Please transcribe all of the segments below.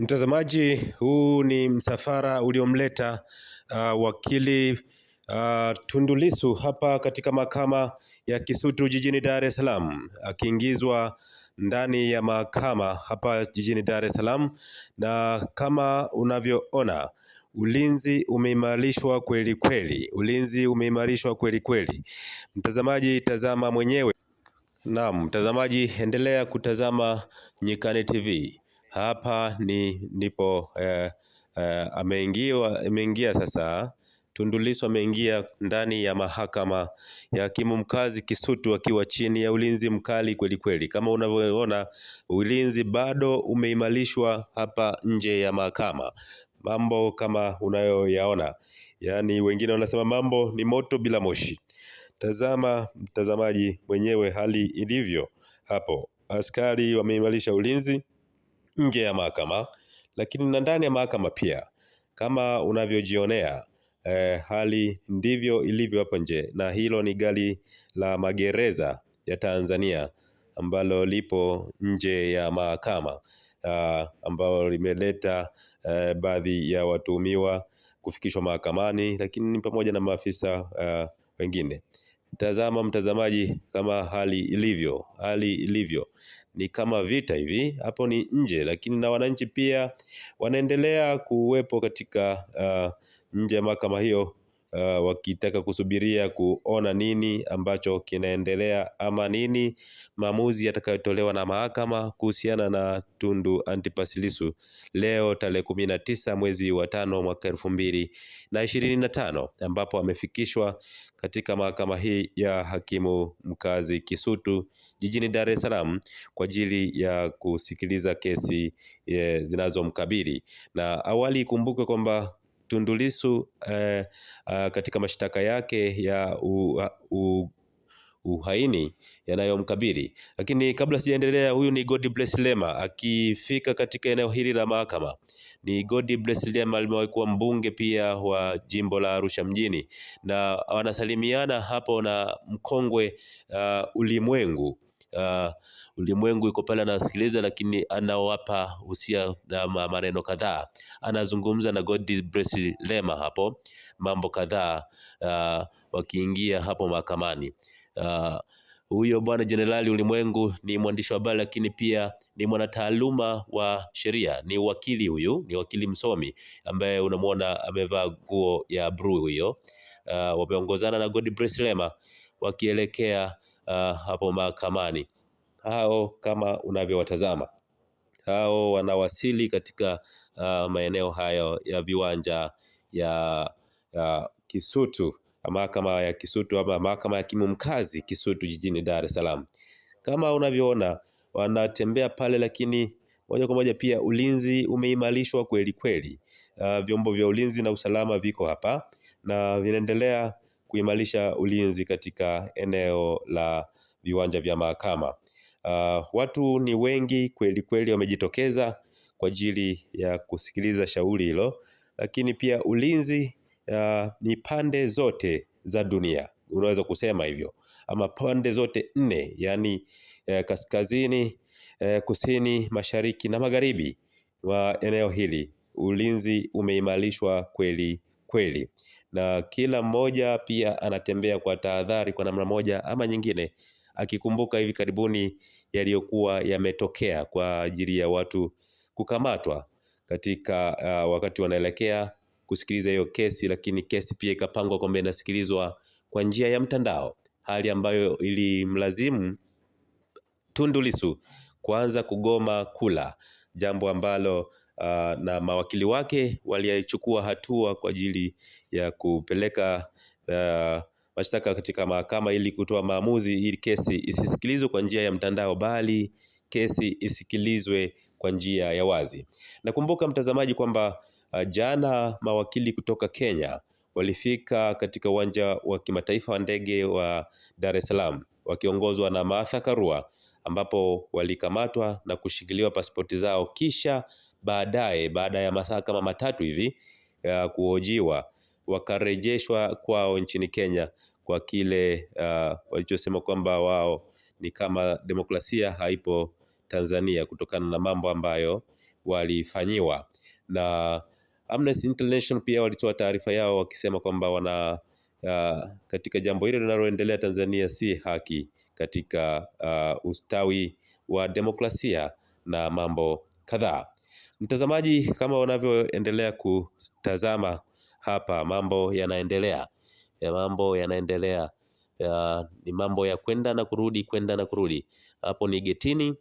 Mtazamaji, huu ni msafara uliomleta uh, wakili uh, Tundu Lissu hapa katika mahakama ya Kisutu jijini Dar es Salaam akiingizwa ndani ya mahakama hapa jijini Dar es Salaam, na kama unavyoona ulinzi umeimarishwa kweli kweli, ulinzi umeimarishwa kweli kweli. Mtazamaji, tazama mwenyewe. Naam, mtazamaji, endelea kutazama Nyikani TV. Hapa ni ndipo eh, eh, ameingiwa ameingia sasa Tundu Lissu ameingia ndani ya mahakama ya hakimu mkazi Kisutu akiwa chini ya ulinzi mkali kweli kweli. Kama unavyoona ulinzi bado umeimarishwa hapa nje ya mahakama, mambo kama unayoyaona, yaani wengine wanasema mambo ni moto bila moshi. Tazama mtazamaji mwenyewe hali ilivyo hapo, askari wameimarisha ulinzi nje ya mahakama, lakini na ndani ya mahakama pia. Kama unavyojionea eh, hali ndivyo ilivyo hapa nje, na hilo ni gari la magereza ya Tanzania ambalo lipo nje ya mahakama uh, ambalo limeleta uh, baadhi ya watuhumiwa kufikishwa mahakamani, lakini ni pamoja na maafisa uh, wengine. Tazama mtazamaji, kama hali ilivyo, hali ilivyo ni kama vita hivi, hapo ni nje, lakini na wananchi pia wanaendelea kuwepo katika uh, nje ya mahakama hiyo uh, wakitaka kusubiria kuona nini ambacho kinaendelea ama nini maamuzi yatakayotolewa na mahakama kuhusiana na Tundu Antipas Lissu leo tarehe kumi na tisa mwezi wa tano mwaka elfu mbili na ishirini na tano ambapo amefikishwa katika mahakama hii ya hakimu mkazi Kisutu jijini Dar es Salaam kwa ajili ya kusikiliza kesi eh, zinazomkabili na awali ikumbukwe kwamba Tundu Lissu eh, uh, katika mashtaka yake ya u, ah, u, uhaini yanayomkabili. Lakini kabla sijaendelea, huyu ni God Bless Lema akifika katika eneo hili la mahakama. Ni God Bless Lema alimewahi kuwa mbunge pia wa jimbo la Arusha mjini, na wanasalimiana hapo na mkongwe uh, Ulimwengu uh, ulimwengu iko pale anasikiliza, lakini anawapa usia na ah, maneno kadhaa. Anazungumza na Godbless Lema hapo mambo kadhaa uh, wakiingia hapo mahakamani uh, huyo bwana Jenerali Ulimwengu ni mwandishi wa habari lakini pia ni mwanataaluma wa sheria, ni wakili huyu, ni wakili msomi ambaye unamwona amevaa nguo ya bluu hiyo. Uh, wameongozana na bless Lema wakielekea uh, hapo mahakamani. Hao kama unavyowatazama hao wanawasili katika uh, maeneo hayo ya viwanja ya, ya ah, Kisutu mahakama ya Kisutu ama mahakama ya kimu mkazi Kisutu jijini Dar es Salaam. Kama unavyoona wanatembea pale, lakini moja kwa moja pia ulinzi umeimarishwa kweli kweli. Uh, vyombo vya ulinzi na usalama viko hapa na vinaendelea kuimarisha ulinzi katika eneo la viwanja vya mahakama. Uh, watu ni wengi kweli kweli wamejitokeza kwa ajili ya kusikiliza shauri hilo, lakini pia ulinzi uh, ni pande zote za dunia, unaweza kusema hivyo, ama pande zote nne, yaani uh, kaskazini uh, kusini, mashariki na magharibi wa eneo hili ulinzi umeimarishwa kweli kweli na kila mmoja pia anatembea kwa tahadhari kwa namna moja ama nyingine akikumbuka hivi karibuni yaliyokuwa yametokea kwa ajili ya watu kukamatwa katika uh, wakati wanaelekea kusikiliza hiyo kesi, lakini kesi pia ikapangwa kwamba inasikilizwa kwa njia ya mtandao, hali ambayo ilimlazimu Tundu Lissu kuanza kugoma kula, jambo ambalo Uh, na mawakili wake walichukua hatua kwa ajili ya kupeleka uh, mashtaka katika mahakama ili kutoa maamuzi ili kesi isisikilizwe kwa njia ya mtandao bali kesi isikilizwe kwa njia ya wazi. Nakumbuka mtazamaji kwamba uh, jana mawakili kutoka Kenya walifika katika uwanja wa kimataifa wa ndege wa Dar es Salaam wakiongozwa na Martha Karua ambapo walikamatwa na kushikiliwa pasipoti zao kisha baadaye baada ya masaa kama matatu hivi ya kuhojiwa wakarejeshwa kwao nchini Kenya kwa kile uh, walichosema kwamba wao ni kama demokrasia haipo Tanzania kutokana na mambo ambayo walifanyiwa na Amnesty International pia walitoa taarifa yao wakisema kwamba wana uh, katika jambo hilo linaloendelea Tanzania si haki katika uh, ustawi wa demokrasia na mambo kadhaa. Mtazamaji kama unavyoendelea kutazama hapa mambo yanaendelea. Ya mambo yanaendelea. Ya, ni mambo ya kwenda na kurudi, kwenda na kurudi. Hapo ni getini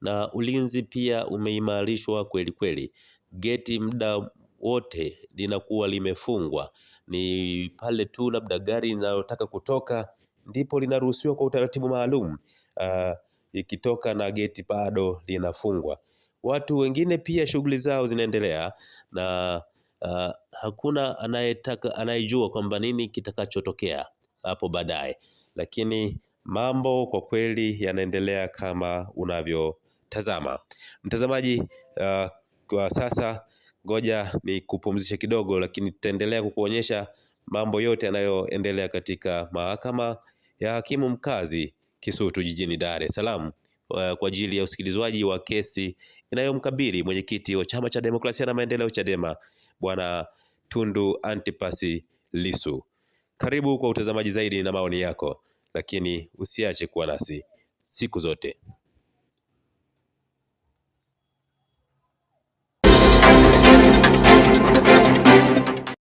na ulinzi pia umeimarishwa kweli kweli. Geti muda wote linakuwa limefungwa. Ni pale tu labda gari linalotaka kutoka ndipo linaruhusiwa kwa utaratibu maalum. Uh, ikitoka na geti bado linafungwa. Watu wengine pia shughuli zao zinaendelea na uh, hakuna anayetaka anayejua kwamba nini kitakachotokea hapo baadaye, lakini mambo kwa kweli yanaendelea kama unavyotazama mtazamaji. Uh, kwa sasa ngoja ni kupumzisha kidogo, lakini tutaendelea kukuonyesha mambo yote yanayoendelea katika mahakama ya hakimu mkazi Kisutu jijini Dar es Salaam Eh, kwa ajili ya usikilizwaji wa kesi inayomkabili mwenyekiti wa chama cha demokrasia na maendeleo Chadema Bwana Tundu Antipasi Lisu. Karibu kwa utazamaji zaidi na maoni yako, lakini usiache kuwa nasi siku zote.